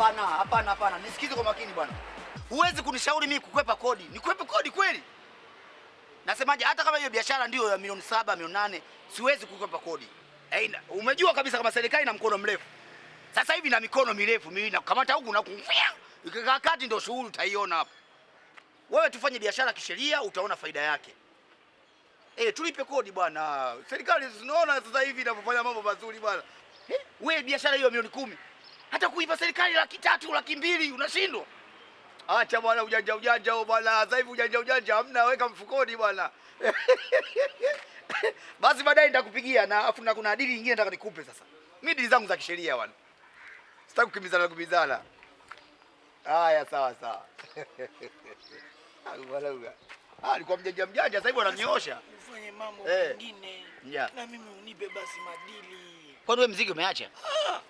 Hapana, hapana, hapana, nisikize kwa makini bwana. Huwezi kunishauri mimi kukwepa kodi. Nikwepe kodi kweli? Nasemaje, hata kama hiyo biashara ndio ya milioni saba, milioni nane, siwezi kukwepa kodi. Hey, umejua kabisa kama serikali ina mkono mrefu. Sasa hivi na mikono mirefu mimi na kukamata huku na kumfia. Ikakakati ndio shughuli utaiona hapo. Wewe tufanye biashara kisheria, utaona faida yake. Eh, hey, tulipe kodi bwana. Serikali zinaona sasa hivi inapofanya mambo mazuri bwana. Eh, wewe biashara hiyo milioni kumi hata kuipa serikali laki tatu laki mbili unashindwa. Acha bwana ujanja ujanja huo bwana, sasa hivi ujanja ujanja hamna, weka mfukoni bwana. Basi baadaye nitakupigia na afu na kuna adili nyingine nataka nikupe sasa. Mimi dili zangu za kisheria bwana. Sitaki kukimbizana kukimbizana. Haya sawa sawa. Alikuwa Ah, alikuwa mjanja mjanja, sasa hivi ananyoosha. Ufanye mambo eh. mengine. Na mimi unipe basi madili. Kwani wewe mziki umeacha? Ah,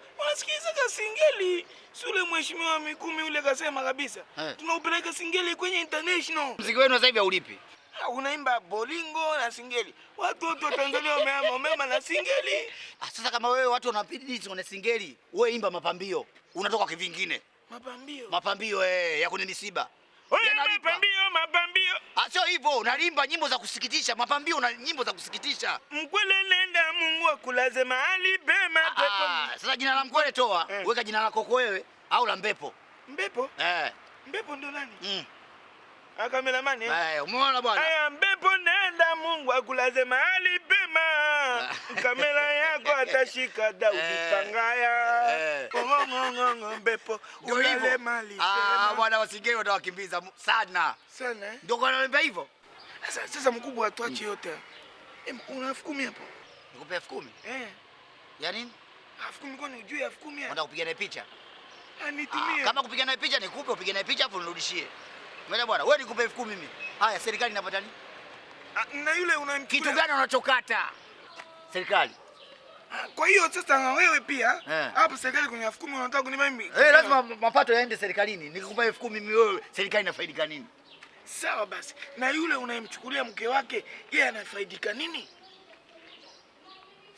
kasingeli. Sule mheshimiwa Mikumi ule kasema kabisa. Eh. Tunaupeleka singeli kwenye international. Mziki wenu sasa hivi haulipi. Ah, unaimba bolingo na singeli. Watu wote wa Tanzania wameama wameama na singeli. Ah, sasa kama wewe watu wanapidi na singeli, wewe imba mapambio. Unatoka kivingine. Mapambio. Mapambio eh, ya kwenye nisiba mapambio ah, Sio hivyo, unalimba nyimbo za kusikitisha mapambio na nyimbo za kusikitisha. Mkwele nenda, Mungu akulaze mahali pema. Ah, ah, sasa jina la mkwele toa, eh. Weka jina lako wewe au la mbepo. Mbepo? Eh. Mbepo ndo nani? Mm. Akamelamani. Eh. eh, umeona bwana. Aya, mbepo nenda, Mungu akulaze mahali pema mama, kamera yako atashika Daudi eh. Pangaya. Ng'ong'ong'o eh. mbepo ulale mali. Ah, bwana wasigei watawakimbiza sana. Sana. Eh? Ndio kwa nini hivyo? Sasa sasa mkubwa atuache yote. Una elfu kumi hapo? Nikupe elfu kumi? Eh. Ya nini? Elfu kumi kwani unajua elfu kumi? Unataka kupiga naye picha? Anitumie. Ah, ah, kama kupiga naye picha nikupe, upige naye picha afu nirudishie. Umeelewa bwana? Wewe nikupe elfu kumi mimi. Haya, serikali inapata nini? Ah, na yule unamchukulia kitu gani unachokata serikali? Kwa hiyo sasa na wewe pia eh. hapo yeah. serikali kwenye elfu kumi unataka kunipa mimi? Eh, hey, lazima mapato yaende serikalini. Nikikupa elfu kumi mimi wewe serikali inafaidika nini? Sawa basi. Na yule unayemchukulia mke wake yeye anafaidika nini?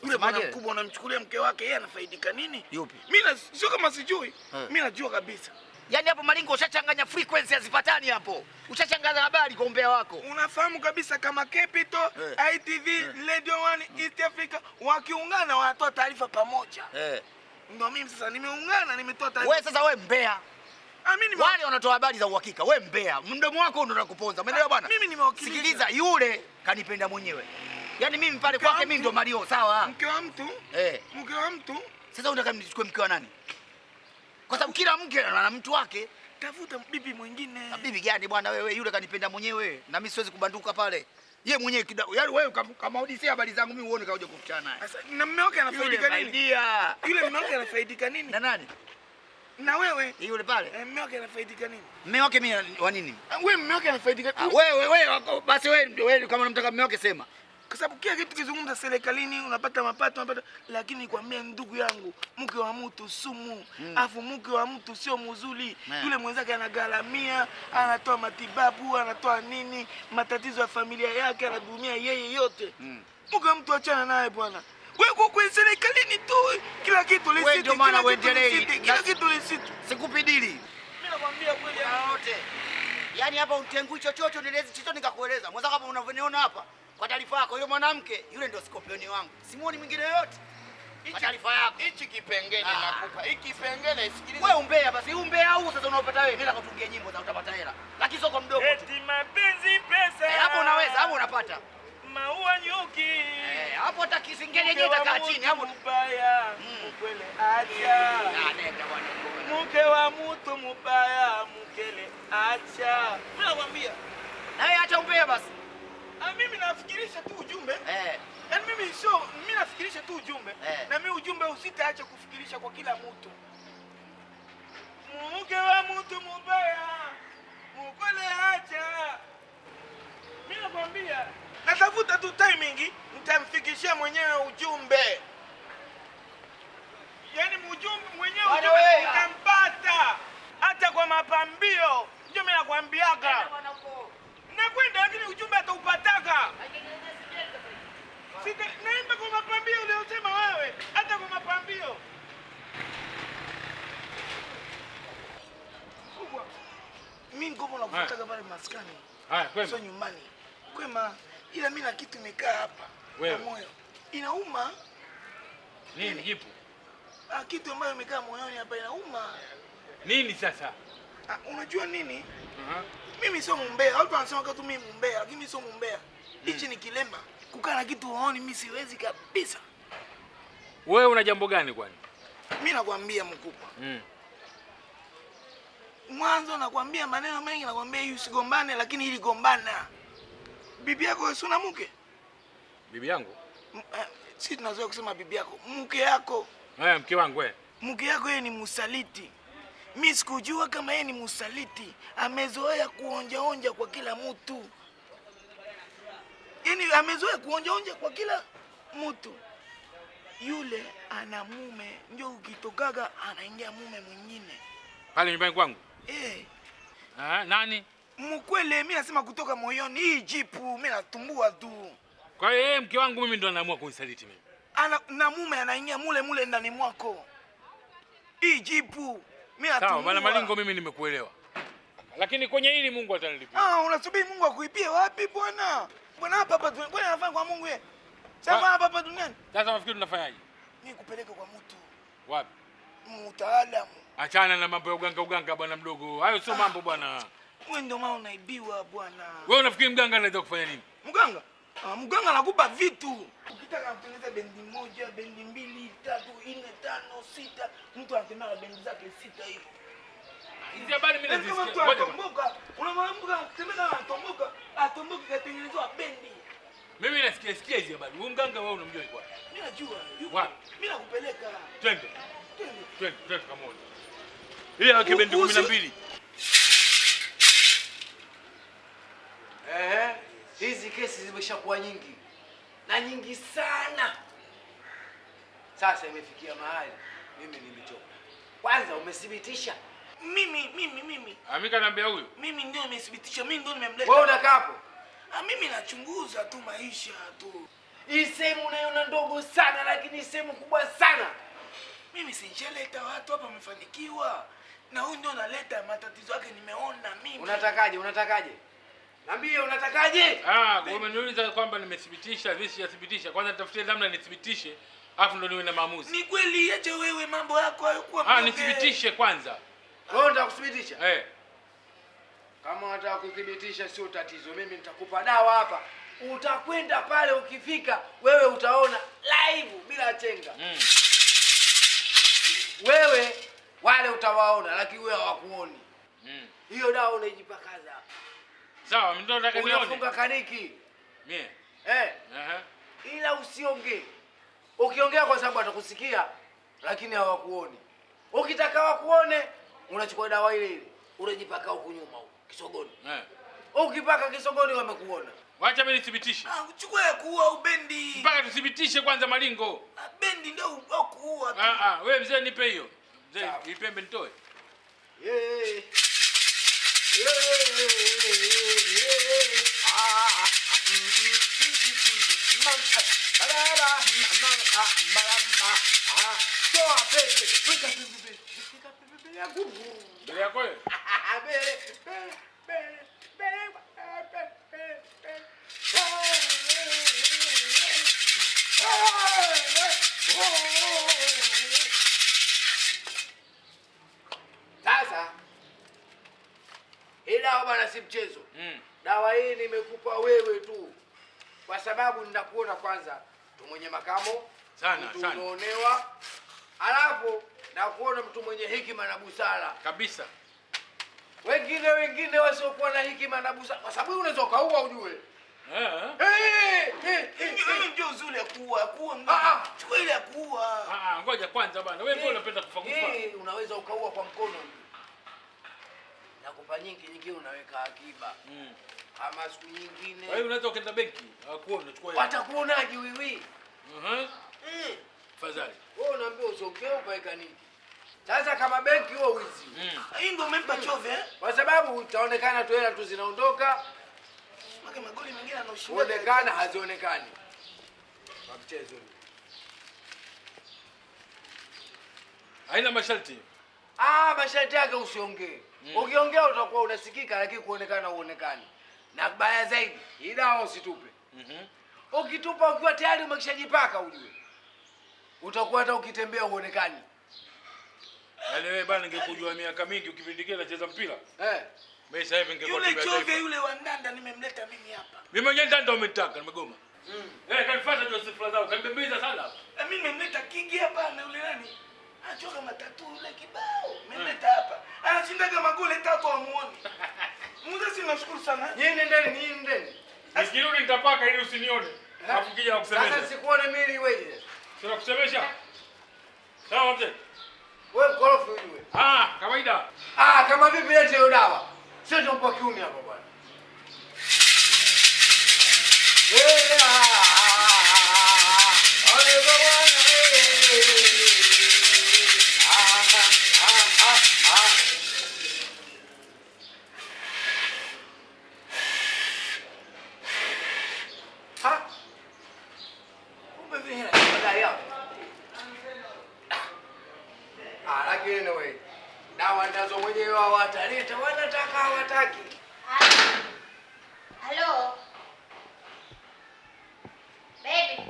Yule bwana mkubwa unamchukulia mke wake yeye anafaidika nini? Yupi? Mimi sio kama sijui. Eh. Mimi najua kabisa. Yaani hapo Malingo ushachanganya frequency hazipatani hapo. Ushachanganya habari kwa umbea wako. Unafahamu kabisa kama Capital, hey, eh. ITV, hey, eh. Radio 1, East Africa wakiungana wanatoa taarifa pamoja. Eh. Hey. Ndio mimi sasa nimeungana nimetoa taarifa. Wewe sasa wewe mbea. Amini ah, mimi. wale wanatoa habari za uhakika. Wewe mbea. Mdomo wako ndio unakuponza. Umeelewa ah, bwana? Mimi nimewakilisha. Sikiliza yule kanipenda mwenyewe. Yaani mimi pale kwake mimi ndio Mario, sawa? Mke wa mtu? Eh. Hey. Mke wa mtu? Sasa unataka nichukue mke wa nani? kwa sababu kila mke ana mtu wake. Tafuta bibi mwingine. Na bibi gani bwana wewe? Yule kanipenda mwenyewe na mimi siwezi kubanduka pale. Ye mwenyewe kidogo. Yaani wewe kamaudisia habari zangu mimi uone kaja kukutana naye. Sasa na mume wake anafaidika nini? Yule mume wake anafaidika nini? Na nani? Na wewe. Yule pale. Eh, mume wake anafaidika nini? Mume wake mimi wa nini? Ah, wewe mume wake anafaidika. Ah, wewe wewe basi wewe wewe kama unamtaka mume wake sema kwa sababu kila kitu kizungumza serikalini unapata mapato, unapata lakini kwambia ndugu yangu, mke wa mtu sumu mm. Afu mke wa mtu sio mzuri yeah. Yule mwenzake anagharamia, anatoa matibabu, anatoa nini, matatizo ya familia yake anadumia yeye yote mm. Mke wa mtu achana naye bwana. Wewe kwa serikalini tu kila kitu lisiti, kila kitu lisiti, kila kitu lisiti. Sikupidili. Mimi nakwambia kweli yote. Yaani hapa utengui chochote, nilezi chochote nikakueleza. Mwanzo hapa unavyoniona hapa. Kwa taarifa yako, yule mwanamke yule ndio skopioni wangu, simuoni mwingine yoyote. taarifa yako, hichi kipengele ah. nakupa hiki kipengele, sikiliza wewe. Umbea basi, umbea au sasa unaopata wewe, mimi nakutungia nyimbo za utapata hela, lakini soko mdogo. Eti mapenzi pesa, eh, hapo unaweza hapo unapata maua nyuki, eh, hapo hata kisingele yenyewe itakaa chini hapo. Mbaya mkwele hmm. acha, ah, mke wa mtu mbaya mkele acha, nakwambia naye, acha umbea basi mimi nafikirisha tu ujumbe eh. Yaani mimi sio mimi nafikirisha tu ujumbe eh. Na mimi ujumbe usitaacha kufikirisha kwa kila mtu. Mke wa mtu mubaya mukole acha. Mimi nakwambia natafuta tu timing nitamfikishia mwenyewe ujumbe. Yaani ujumbe mwenyewe utampata hata kwa mapambio. Ndio mimi nakwambiaga unakwenda lakini ujumbe ataupataka. Naimba kwa mapambio uliosema wewe, hata kwa mapambio mimi ngoma nakutaka pale maskani. Haya, kwema. Sio nyumbani. Kwema ila mimi na kitu nimekaa hapa kwa moyo. Inauma. Nini jipu? Ah, kitu ambayo imekaa moyoni hapa inauma. Nini sasa? Ah, unajua nini? Uh -huh. Mimi sio mumbea. Watu wanasema kwa tu mimi mumbea, lakini mimi sio mumbea. Hichi ni kilema. Kukaa na kitu uone mimi siwezi kabisa. Wewe una jambo gani kwani? Mimi nakwambia mkubwa. Mm. Mwanzo nakwambia maneno mengi, nakwambia hii usigombane, lakini ili gombana. Bibi yako si una mke? Bibi yangu? sisi eh, tunazoea kusema bibi yako, mke yako. Eh, mke wangu wewe. Eh. Mke yako yeye ni msaliti. Mi sikujua kama yeye ni musaliti, amezoea kuonjaonja kwa kila mtu, yaani amezoea kuonjaonja kwa kila mtu. Yule ana mume, ndio ukitokaga anaingia mume mwingine pale nyumbani kwangu eh. Ah, nani mkwele? Mi nasema kutoka moyoni, hii jipu mi natumbua tu. Kwa hiyo yeye mke wangu mimi ndo anaamua kunisaliti mimi, ana na mume anaingia mule mule ndani mwako, hii jipu Sawa, Bwana Malingo, mimi nimekuelewa, lakini kwenye hili Mungu atanilipia. Ah, unasubiri Mungu akuipie wapi bwana? Bwana hapa hapa bwana anafanya kwa Mungu yeye. Sema ah. hapa hapa duniani. Sasa unafikiri tunafanyaje? Mimi kupeleka kwa mtu. Wapi? Mtaalamu. Achana na mambo ya uganga uganga bwana mdogo. Hayo sio ah. mambo bwana. Wewe ndio maana unaibiwa bwana. Wewe unafikiri mganga anaweza kufanya nini? Mganga? Ah, mganga anakupa vitu. Ukitaka kutengeneza bendi moja, bendi mbili, tatu, nne, tano, sita, mtu anatembea na bendi zake sita hivi. Hizi habari mimi yaani nazisikia. Unatomboka, unamwamka kutembea na atomboka, katengenezwa bendi. Mimi nasikia sikia hizi habari. Wewe mganga wewe unamjua yuko wapi? Mimi najua. Yuko wapi? Mimi nakupeleka. Twende. Twende. Twende, twende Hii yake bendi 12. eh hizi kesi zimeshakuwa nyingi na nyingi sana. Sasa imefikia mahali mimi nimechoka. Kwanza umethibitisha mimi mimi mimi Amika anambia huyu mimi ndio nimethibitisha, mimi ndio nimemleta. Wewe unakaa hapo, ah, mimi nachunguza tu maisha tu. Hii sehemu unaiona ndogo sana, lakini sehemu kubwa sana. Mimi sinchaleta watu hapa wamefanikiwa, na huyu ndio naleta matatizo yake. Nimeona mimi. Unatakaje? Unatakaje? Niambie unatakaje? Ah, umeniuliza kwamba nimethibitisha visi sijathibitisha. Kwanza nitafutie namna nithibitishe, afu ndo niwe na maamuzi. Ni kweli acha wewe mambo yako hayo kwa hayakuwa Ah, nithibitishe kwanza. Wewe unataka kuthibitisha? Eh. Kama unataka kuthibitisha sio tatizo. Mimi nitakupa dawa hapa. Utakwenda pale ukifika wewe utaona live bila chenga. Mm. Wewe wale utawaona lakini wewe hawakuoni. Mm. Hiyo dawa unaijipakaza hapa. Sawa, mimi ndo nataka nione. Unafunga kaniki. Mimi. Eh. Aha. Ila usiongee. Ukiongea kwa sababu atakusikia lakini hawakuoni. Ukitaka wakuone, unachukua dawa ile ile. Unajipaka huko nyuma huko kisogoni. Eh. Ukipaka kisogoni wamekuona. Wacha mimi nithibitishe. Ah, uchukue kuua ubendi. Mpaka tuthibitishe kwanza malingo. Ah, bendi ndio kuua tu. Ah ah, wewe mzee nipe hiyo. Mzee, ipembe nitoe. Eh. Eh. Hii dawa bana si mchezo. Mm. Dawa hii nimekupa wewe tu kwa sababu ninakuona kwanza mtu mwenye makamo sana, mtu sana. Unaonewa alafu nakuona mtu mwenye hikima na busara kabisa. Wengine wengine wasiokuwa na hikima na busara, kwa sababu unaweza ukaua ujue Ngoja kwanza bana, wewe mbona unapenda kufa kufa? Unaweza ukaua kwa mkono na kupa nyingi nyingine unaweka akiba mm ama siku nyingine. Kwa hiyo unaweza ukaenda benki, hawakuoni, unachukua hela. Watakuonaje wewe? Mhm. Mm. Eh. Fadhali. Wewe unaambia usogee ukaeka nini? Sasa kama benki huo wizi. Mm. Hii ndio umempa mm. chove eh? Kwa sababu utaonekana tu hela tu zinaondoka. Maka magoli mengine anaoshinda. Onekana hazionekani. Kwa mchezo. Haina masharti. Ah, masharti yake usiongee. Mm. Ukiongea utakuwa unasikika lakini kuonekana uonekani na baya zaidi, hii dawa usitupe. mm -hmm. Ukitupa ukiwa tayari umekishajipaka, ujue utakuwa hata ukitembea uonekani. Yaani wewe bana, ningekujua miaka mingi ukipindikia kile nacheza mpira eh. Mimi sasa hivi ningekuwa yule chovya yule wa ndanda nimemleta mimi hapa. Mimi mwenyewe ndanda umetaka, nimegoma. Mm. Eh, kanifata Joseph Lazaro, kanibembeza sana. Eh, mimi nimemleta kingi hapa na yule nani? Achoka ah, matatu yule kibao. Nimemleta eh. hapa. Anashindaga ah, magoli tatu amuone. Mzee, si nashukuru sana. Yeye nendeni, ni nendeni. Nikirudi nitapaka ili usinione. Hapo eh? kija kukusemesha. Sasa sikuone mimi wewe. Sina kusemesha. Sawa mzee. Wewe mkorofi wewe. Ah, kawaida. Ah, kama vipi lete hiyo dawa. Sio ndio kwa kiume hapa bwana. Wewe eh, mchezo mwenyewe hawataleta, wanataka hawataki. Halo baby.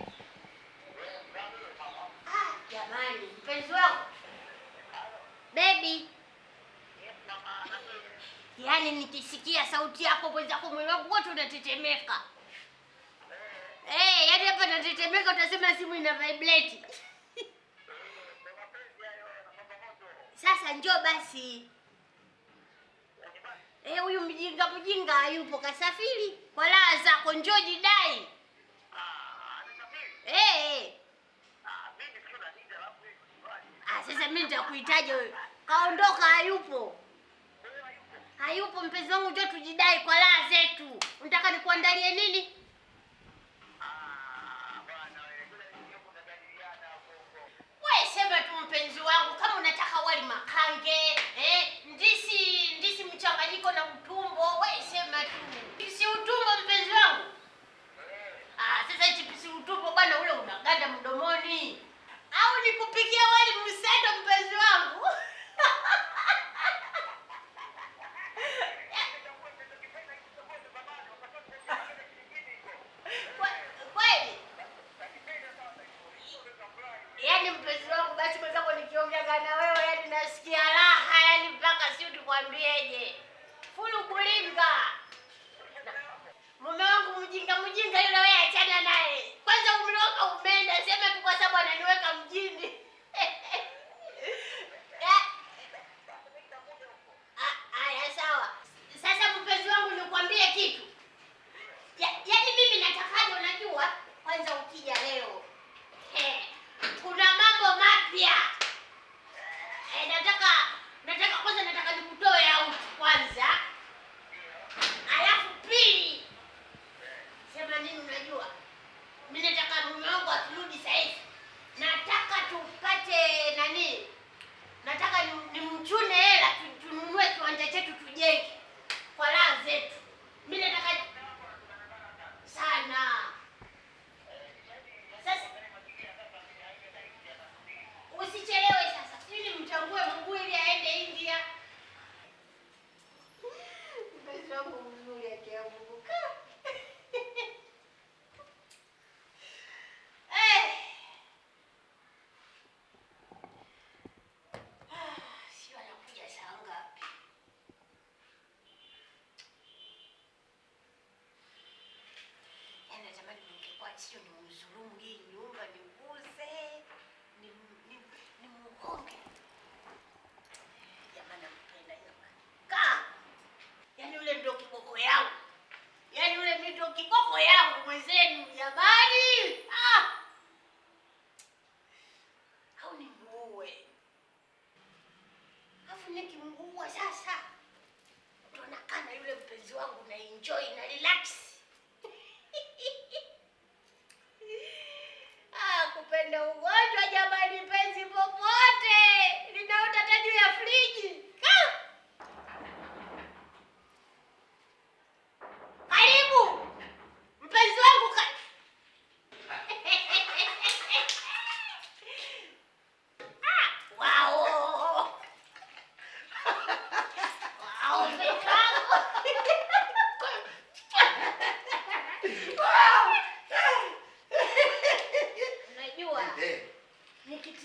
Ah, jamani, mpenzi wangu baby, yaani nikisikia sauti yako mwenzako, mwili wangu wote unatetemeka. Hey, eh, yaani hapa natetemeka, utasema simu ina vibrate. Sasa njoo basi mjinga mjinga hayupo, kasafiri kwa raha zako, njoo jidai. Ah, eh. ah, ah, sasa mimi nitakuhitaji wewe. Kaondoka, hayupo hayupo. Mpenzi wangu, njoo tujidai kwa raha zetu. Unataka nikuandalie nini? Wewe sema tu mpenzi wangu, kama unataka wali makange eh, ndisi hisi mchanganyiko na utumbo, wewe sema tu. Sisi utumbo mpenzi wangu. Ah, sasa hichi pisi utumbo bwana ule unaganda mdomoni. 시험 용수로 무기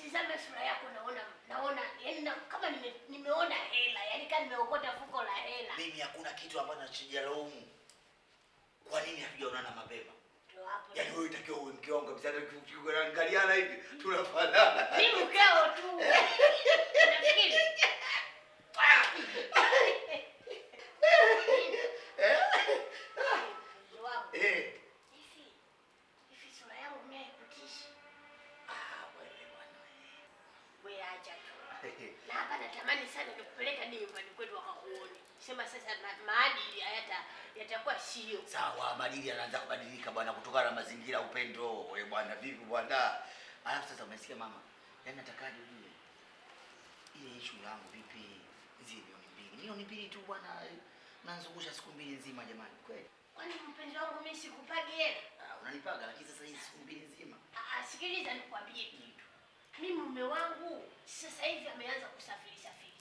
nikitizama sura yako naona naona yani na, kama nime, nimeona hela yani kama nimeokota fuko la hela. Mimi hakuna kitu ambacho nachojilaumu. Kwa nini hatujaonana mapema? Ndio Yaani wewe utakiwa uwe mke wangu kabisa tukiangaliana hivi mm. tunafanana. Mimi mkeo tu. Nafikiri na hapa natamani sana nikupeleka nyumbani kwetu wakakuone. Sema sasa maadili hayata yatakuwa sio sawa, maadili yanaanza kubadilika bwana, kutokana na mazingira, upendo. Wewe bwana, vipi bwana? Alafu sasa umesikia mama, yaani nataka nijue ile issue yangu vipi, hizi milioni mbili, milioni mbili tu bwana, nanzungusha siku mbili nzima jamani, kweli Kwani mpenzi wangu mimi sikupagi hela? Ah, unanipaga lakini sasa hizi siku mbili nzima. Ah, ah sikiliza nikwambie kitu mimi mume wangu sasa hivi ameanza kusafiri safiri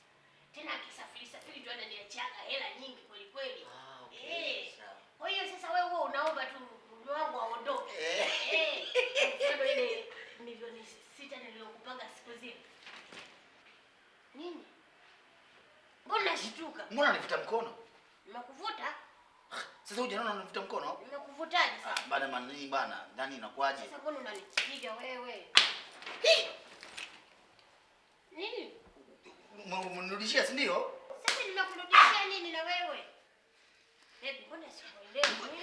tena, akisafiri safiri ndio ananiachaga hela nyingi kweli kweli. Ah, eh, kwa hiyo sasa wewe wewe unaomba tu mume wangu aondoke eh. Eh, ile milioni sita niliyokupanga siku zile nini, mbona nashtuka? Mbona nivuta mkono? Nakuvuta sasa huja naona unavuta mkono. Nakuvutaje sasa? Ah, bana manini bana, ndani inakwaje? Sasa mbona unanipiga wewe? Hii! mwangunirudishia si ndio? Sasa ninakurudishia nini na wewe?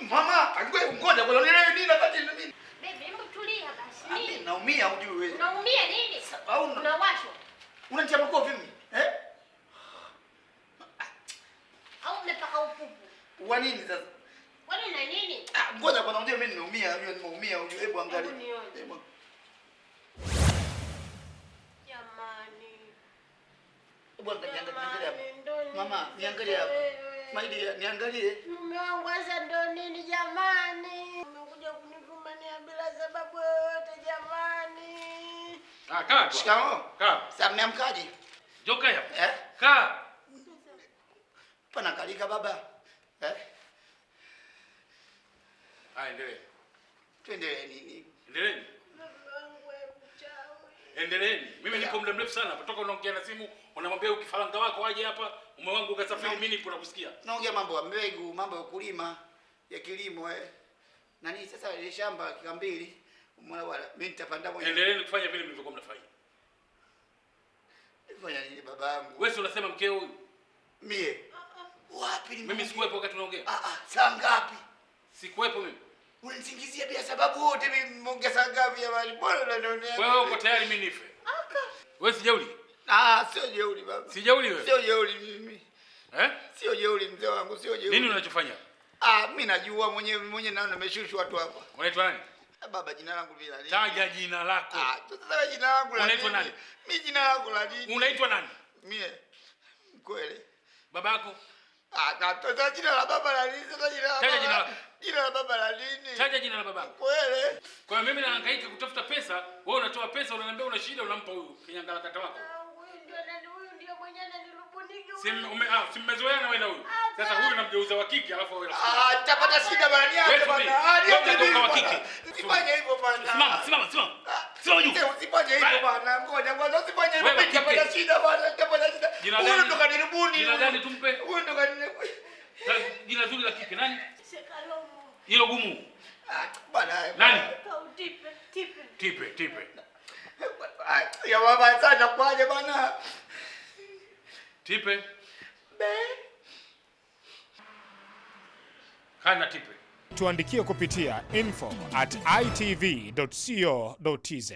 Mama, alikuwa ngoja kwa nini nini na kati wakati mimi? Bebe, hebu tulia basi. Nini? Naumia hujui wewe. Unaumia nini? Sababu unawashwa. Unanitia makofi mimi? Eh? Au umepaka upupu? Wa nini sasa? Kwani na nini? Ah, ngoja kwa nini mimi nimeumia? Nimeumia hujui, hebu angalia. Hebu Hebu mama, niangalie hapo. My niangalie. Mume wangu sasa ndio nini jamani? Umekuja kunivumania bila sababu yoyote jamani. Ah, kaa. Shikamoo. Kaa. Sasa mmeamkaje? Joka hapo. Eh? Kaa. Pana kalika baba. Eh? Ah, Tuendelee nini? Endeleeni. Endeleeni. Mimi niko mle mrefu sana kutoka unaongea na simu, unamwambia ukifaranga wako aje hapa, mume wangu ukasafiri mimi nipo nakusikia. Naongea mambo ya mbegu, mambo ya kulima, ya kilimo eh. Nani sasa ile shamba kika mbili, umeona wala mimi nitapanda moja. Endeleeni kufanya vile mlivyokuwa mnafanya. Fanya nini baba yangu? Wewe unasema mke huyu? Mie. Ah, ah. Wapi mimi? Mimi sikuwepo wakati unaongea. Ah ah, saa ngapi? Sikuwepo mimi. Unisingizia pia sababu wote mimi mongeza ngapi ya mali? Bwana unanionea. Wewe uko tayari mimi nife? Aka. Wewe sijauli? Ah, sio jeuli baba. Sijauli wewe? Sio jeuli mimi. Eh? Sio jeuli mzee wangu, sio jeuli. Nini unachofanya? Ah, mimi najua mwenyewe mwenyewe naona nimeshushwa watu hapa. Unaitwa nani? Ah, baba jina langu bila nini? Taja jina lako. Ah, tutaja jina langu la. Unaitwa nani? Mimi jina langu la nini? Unaitwa nani? Mie. Kweli. Babako? Ah, tutaja jina la baba la nini? Tutaja jina la. Taja jina la. Jina la baba la nini? Taja jina la baba. Kweli? Kwa hiyo mimi nahangaika kutafuta pesa, wewe unatoa pesa, unaniambia una shida, unampa huyu kinyangala kata wako. Ah, si ah, mmezoeana wewe na huyu. Ah, Sasa huyu namgeuza wa kike alafu wewe. Ah, nitapata shida bwana ni bwana. Ah, wa kike. Usifanye hivyo bwana. Simama, simama, simama. Sio juu. Usifanye hivyo bwana. Ngoja kwanza usifanye hivyo. Nitapata shida bwana, nitapata shida. Huyu ndo kaniribuni. Jina gani tumpe? Huyu ndo kaniribuni. Jina zuri la kike nani? Shekalom. Hilo gumu. Ah, bwana. Nani? Tipe, tipe. Tipe, tipe. Ya baba sana kwaje bwana? Tipe. Be. Kana tipe. Tuandikie kupitia info at itv.co.tz.